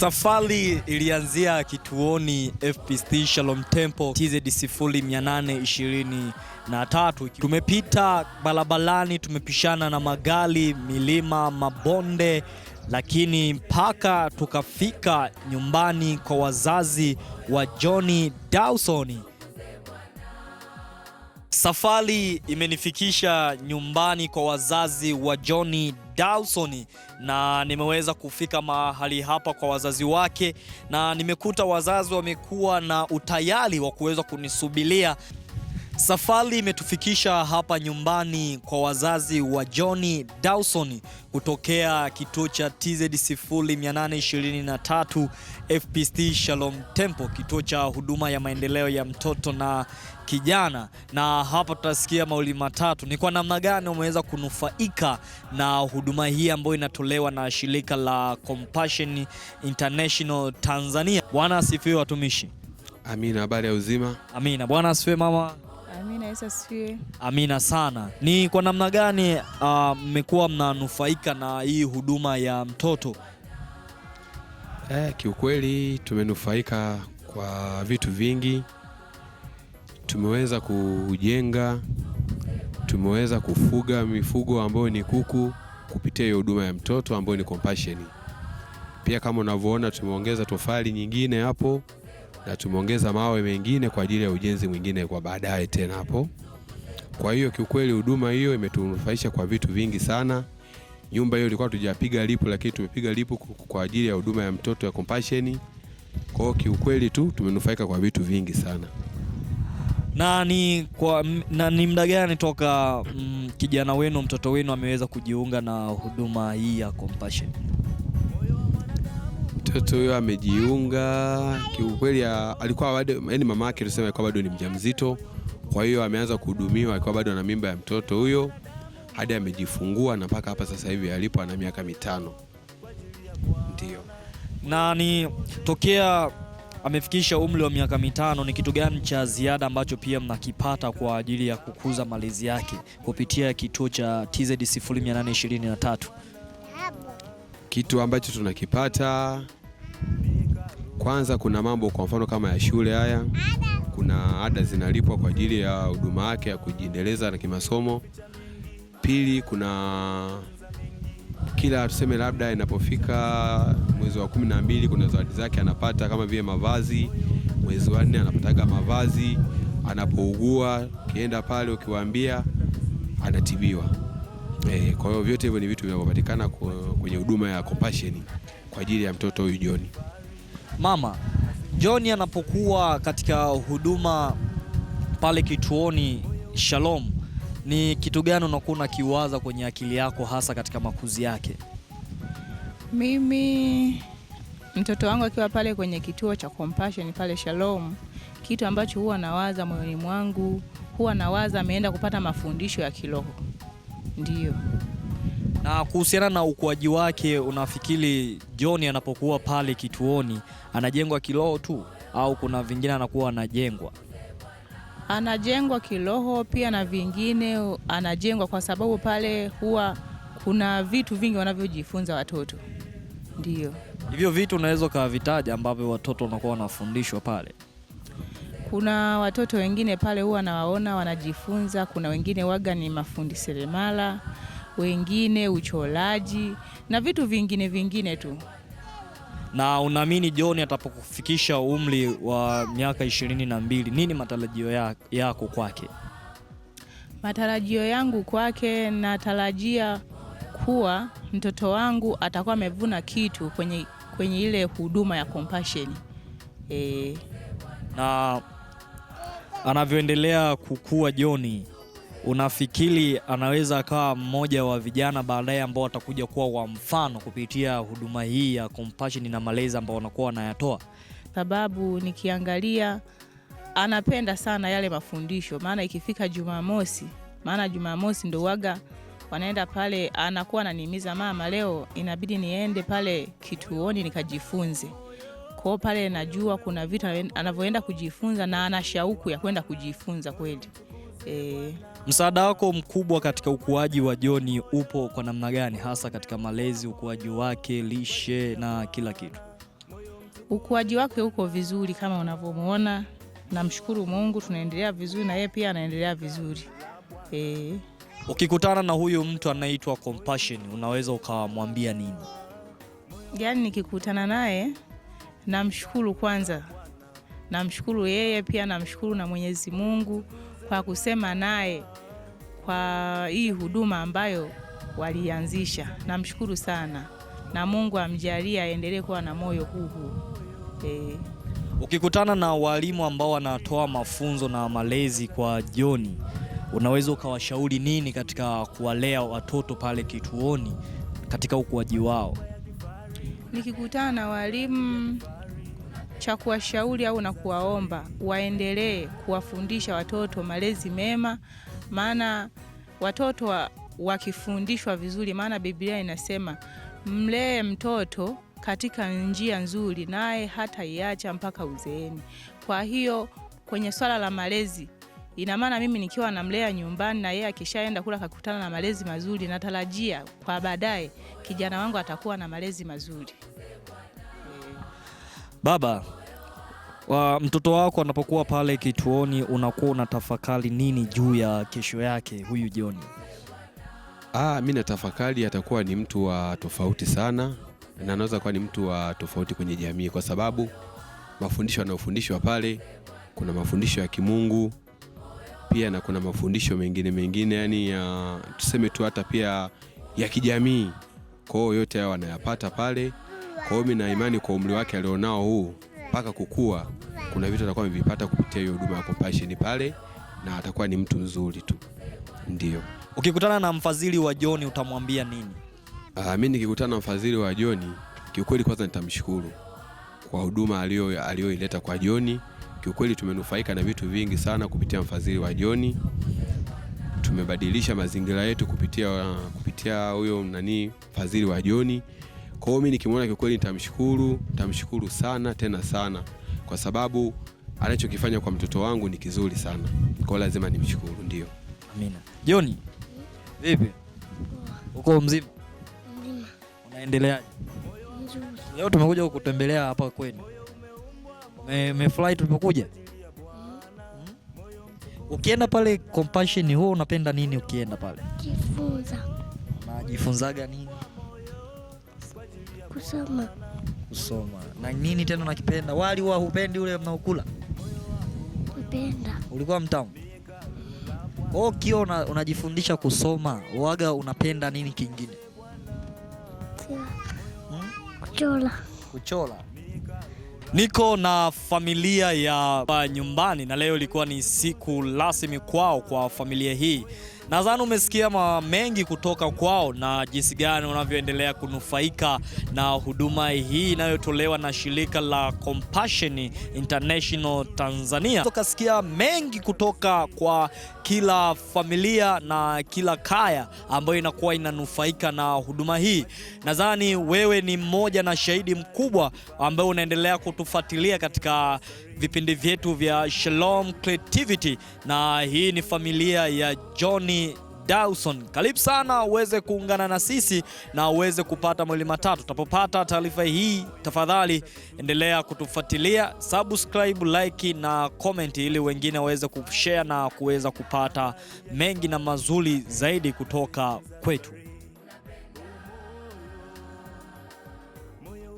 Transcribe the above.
Safari ilianzia kituoni FPCT Shalom Temple TZ 0823. Tumepita barabarani, tumepishana na magari, milima, mabonde, lakini mpaka tukafika nyumbani kwa wazazi wa Johnny Dawson. Safari imenifikisha nyumbani kwa wazazi wa Johnny Dawson na nimeweza kufika mahali hapa kwa wazazi wake, na nimekuta wazazi wamekuwa na utayari wa kuweza kunisubilia Safari imetufikisha hapa nyumbani kwa wazazi wa Johnny Dawson kutokea kituo cha TZ 0823 FPST Shalom Temple, kituo cha huduma ya maendeleo ya mtoto na kijana. Na hapa tutasikia mauli matatu, ni kwa namna gani wameweza kunufaika na huduma hii ambayo inatolewa na shirika la Compassion International Tanzania. Bwana asifiwe watumishi. Amina. Habari ya uzima. Amina. Bwana asifiwe mama. Amina, Yesu asifiwe. Amina sana. Ni kwa namna gani ah, mmekuwa uh, mnanufaika na hii huduma ya mtoto? Eh, kiukweli tumenufaika kwa vitu vingi. Tumeweza kujenga, tumeweza kufuga mifugo ambayo ni kuku kupitia hiyo huduma ya mtoto ambayo ni Compassion. Pia kama unavyoona tumeongeza tofali nyingine hapo na tumeongeza mawe mengine kwa ajili ya ujenzi mwingine kwa baadaye tena hapo. Kwa hiyo kiukweli huduma hiyo imetunufaisha kwa vitu vingi sana. Nyumba hiyo ilikuwa tujapiga lipu, lakini tumepiga lipu kwa ajili ya huduma ya mtoto ya Compassion. Kwa hiyo kiukweli tu tumenufaika kwa vitu vingi sana. Na ni, kwa, na ni muda gani toka mm, kijana wenu mtoto wenu ameweza kujiunga na huduma hii ya Compassion? mtoto huyo amejiunga kiukweli, ah, alikuwa bado yani, mama yake alisema alikuwa bado ni mjamzito, kwa hiyo ameanza kuhudumiwa alikuwa bado na mimba ya mtoto huyo hadi amejifungua na mpaka hapa sasa hivi alipo ana miaka mitano ndio. Na ni tokea amefikisha umri wa miaka mitano, ni kitu gani cha ziada ambacho pia mnakipata kwa ajili ya kukuza malezi yake kupitia kituo cha TZ 0823? Kitu ambacho tunakipata kwanza kuna mambo kwa mfano kama ya shule, haya kuna ada zinalipwa kwa ajili ya huduma yake ya kujiendeleza na kimasomo. Pili kuna kila tuseme labda inapofika mwezi wa kumi na mbili kuna zawadi zake anapata kama vile mavazi. Mwezi wa nne anapataga mavazi, anapougua ukienda pale ukiwaambia anatibiwa. E, kwa hiyo vyote hivyo ni vitu vinavyopatikana kwenye huduma ya Compassion kwa ajili ya mtoto huyu John. Mama John anapokuwa katika huduma pale kituoni Shalom, ni kitu gani unakuwa unakiwaza kwenye akili yako hasa katika makuzi yake? Mimi mtoto wangu akiwa pale kwenye kituo cha Compassion pale Shalom, kitu ambacho huwa nawaza moyoni mwangu, huwa nawaza ameenda kupata mafundisho ya kiroho. Ndiyo. Na kuhusiana na ukuaji wake, unafikiri John anapokuwa pale kituoni anajengwa kiroho tu au kuna vingine anakuwa anajengwa? Anajengwa kiroho pia na vingine anajengwa, kwa sababu pale huwa kuna vitu vingi wanavyojifunza watoto. Ndiyo. Hivyo vitu unaweza ukavitaja ambavyo watoto wanakuwa wanafundishwa pale? Kuna watoto wengine pale huwa nawaona wanajifunza, kuna wengine waga ni mafundi seremala, wengine ucholaji na vitu vingine vingine tu. Na unaamini John atapokufikisha umri wa miaka ishirini na mbili, nini matarajio yako kwake? Matarajio yangu kwake, natarajia kuwa mtoto wangu atakuwa amevuna kitu kwenye, kwenye ile huduma ya compassion e. na anavyoendelea kukua Joni, unafikiri anaweza akawa mmoja wa vijana baadaye ambao watakuja kuwa wa mfano kupitia huduma hii ya compassion na malezi ambao wanakuwa wanayatoa? Sababu nikiangalia anapenda sana yale mafundisho, maana ikifika Jumamosi, maana Jumamosi ndo waga wanaenda pale, anakuwa ananihimiza mama, leo inabidi niende pale kituoni nikajifunze kwa hiyo pale najua kuna vitu anavyoenda kujifunza na ana shauku ya kwenda kujifunza kweli. E... msaada wako mkubwa katika ukuaji wa joni upo kwa namna gani, hasa katika malezi, ukuaji wake, lishe na kila kitu? Ukuaji wake uko vizuri kama unavyomwona, namshukuru Mungu, tunaendelea vizuri na yeye pia anaendelea vizuri e... Ukikutana na huyu mtu anaitwa Compassion, unaweza ukamwambia nini? Yaani nikikutana naye Namshukuru kwanza, namshukuru yeye, pia namshukuru na Mwenyezi Mungu kwa kusema naye kwa hii huduma ambayo walianzisha. Namshukuru sana na Mungu amjalie aendelee kuwa na moyo huu huu e. Ukikutana na walimu ambao wanatoa mafunzo na malezi kwa joni unaweza ukawashauri nini katika kuwalea watoto pale kituoni katika ukuaji wao? Nikikutana na walimu cha kuwashauri au na kuwaomba waendelee kuwafundisha watoto malezi mema, maana watoto wa, wakifundishwa vizuri, maana Biblia inasema mlee mtoto katika njia nzuri, naye hata iacha mpaka uzeeni. Kwa hiyo kwenye swala la malezi ina maana mimi nikiwa namlea nyumbani na yeye akishaenda kula kakutana na malezi mazuri, natarajia kwa baadaye kijana wangu atakuwa na malezi mazuri. Baba wa mtoto wako anapokuwa pale kituoni, unakuwa unatafakari nini juu ya kesho yake huyu Joni? Ah, mimi natafakari atakuwa ni mtu wa tofauti sana, na anaweza kuwa ni mtu wa tofauti kwenye jamii, kwa sababu mafundisho yanayofundishwa pale, kuna mafundisho ya kimungu pia na kuna mafundisho mengine mengine, yani ya tuseme tu hata pia ya kijamii. Kwa hiyo yote hayo wanayapata pale. Kwa hiyo mimi na imani kwa umri wake alionao huu mpaka kukua, kuna vitu atakuwa amevipata kupitia hiyo huduma ya Compassion pale, na atakuwa ni mtu nzuri tu. Ndio ukikutana na mfadhili wa John utamwambia nini? Ah, mimi nikikutana na mfadhili wa John kiukweli, kwanza nitamshukuru kwa huduma aliyoileta kwa John. Kiukweli tumenufaika na vitu vingi sana kupitia mfadhili wa John tumebadilisha mazingira yetu kupitia huyo nani mfadhili wa John. Kwa hiyo mimi nikimwona kiukweli nitamshukuru, nitamshukuru sana tena sana kwa sababu anachokifanya kwa mtoto wangu ni kizuri sana. Kwa hiyo lazima nimshukuru ndio. Amina. Joni. Vipi? Uko mzima? Mzima. Unaendeleaje? Leo tumekuja kukutembelea hapa kwenu. Umefurahi tulipokuja? Hmm? Ukienda pale Compassion huo unapenda nini ukienda pale? Kujifunza. Unajifunzaga nini? Kusoma. Kusoma. Na nini tena unakipenda? Wali huwa hupendi ule mnaokula? Upenda. Ulikuwa mtamu? hiyo mm. ukiona unajifundisha kusoma, waga unapenda nini kingine? Hmm? Kuchola. Niko na familia ya nyumbani na leo ilikuwa ni siku rasmi kwao kwa familia hii. Nadhani umesikia mengi kutoka kwao na jinsi gani wanavyoendelea kunufaika na huduma hii inayotolewa na shirika la Compassion International Tanzania. Tukasikia mengi kutoka kwa kila familia na kila kaya ambayo inakuwa inanufaika na huduma hii. Nadhani wewe ni mmoja na shahidi mkubwa ambaye unaendelea kutufuatilia katika vipindi vyetu vya Shalom Creativity, na hii ni familia ya Johnny Dawson. Karibu sana uweze kuungana na sisi na uweze kupata mawili matatu. Utapopata taarifa hii, tafadhali endelea kutufuatilia, subscribe, like na comment, ili wengine waweze kushare na kuweza kupata mengi na mazuri zaidi kutoka kwetu.